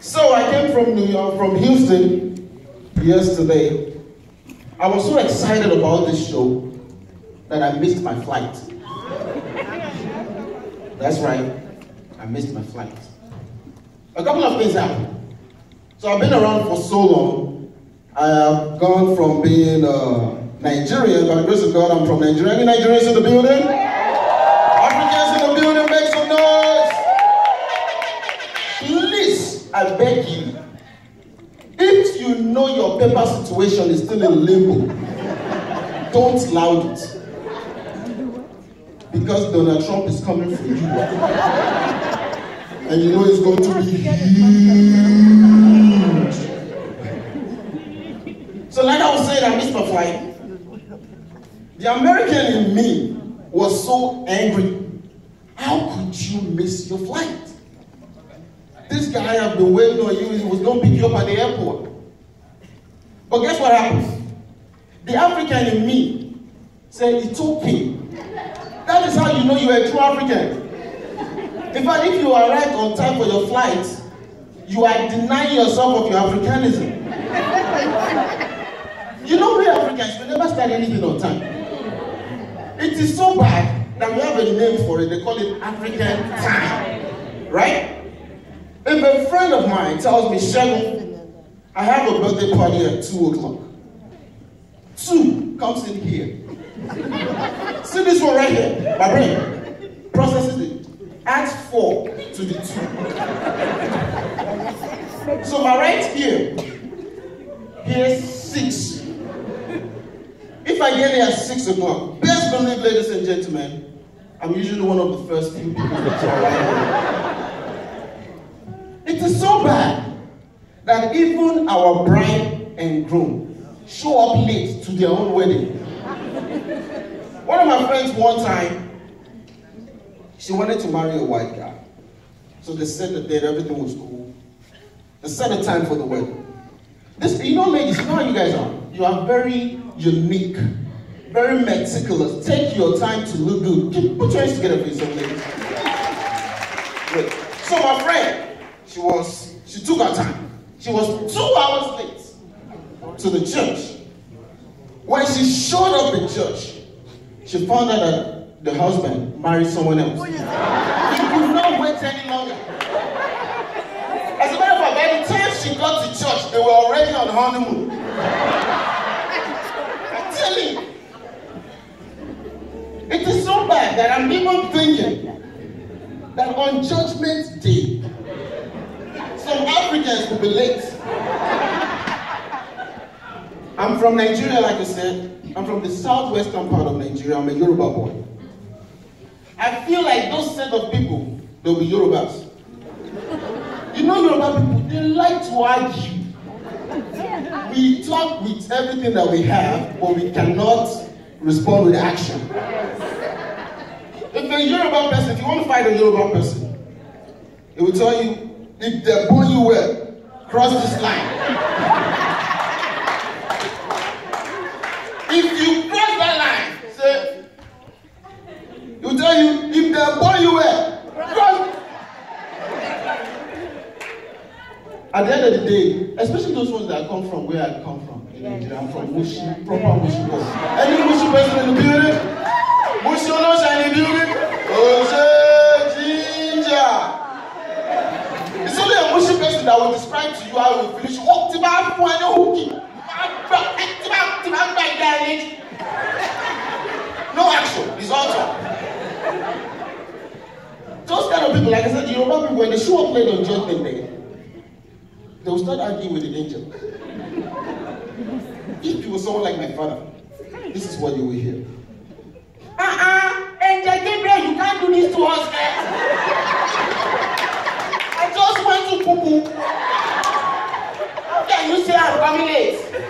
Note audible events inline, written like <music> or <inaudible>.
So I came from New York, from Houston yesterday. I was so excited about this show that I missed my flight. That's right, I missed my flight. A couple of things happened. So I've been around for so long. I have gone from being uh, Nigerian, by the grace of God, I'm from Nigeria. Any Nigerians in the building? I beg you, if you know your paper situation is still in limbo, don't loud it. Because Donald Trump is coming for you. and you know it's going to be huge. So, like I was saying, I missed my flight. The American in me was so angry. How could you miss your flight? This guy has been waiting on you. He was going to pick you up at the airport. But guess what happens? The African in me said, It took me. That is how you know you're a true African. In fact, if you arrive on time for your flight, you are denying yourself of your Africanism. you know, we Africans, we never start anything on time. It is so bad that we have a name for it. They call it African time. Right? If a friend of mine tells me, Shelly, I have a birthday party at 2 o'clock. 2, comes in here. <laughs> See this one right here. My brain processes it. Add 4 to the 2. so my right here, here's 6. If I get there at 6 o'clock, best believe, ladies and gentlemen, I'm usually one of the first people to arrive. It is so bad that even our bride and groom show up late to their own wedding. one of my friends, one time, she wanted to marry a white guy. So they set the date, everything was cool. They set a time for the wedding. This, you know, ladies, you know how you guys are. You are very unique, very meticulous. Take your time to look good. Put your hands together for yourself, ladies. Wait. So, my friend, she was she took her time. She was two hours late to the church. When she showed up in church, she found out that the husband married someone else. He could not wait any longer. As a matter of fact, by the time she got to church, they were already on honeymoon. I'm telling you. It is so bad that I'm even thinking that on Judgment Day, some Africans will be late. I'm from Nigeria, like I said. I'm from the southwestern part of Nigeria. I'm a Yoruba boy. I feel like those set of people, they'll be Yorubas. You know Yoruba people, they like to argue. We talk with everything that we have, but we cannot respond with action. If a Yoruba person, if you want to fight a Yoruba person, it will tell you, If they bully you well, cross this line. if you cross that line, say, you tell you, if they bully you well, cross. At the end of the day, especially those ones that come from where I come from in Nigeria, I'm from Mushi, proper Mushi boss. Any Mushi person in the like I said, Yoruba people, when they show up late on judgment day, they will start arguing with the angel. if you were someone like my father, this is what you will hear. Uh-uh, Angel Gabriel, you can't do this to us, guys. Eh? I just went to poo-poo. How can you say I'm coming late?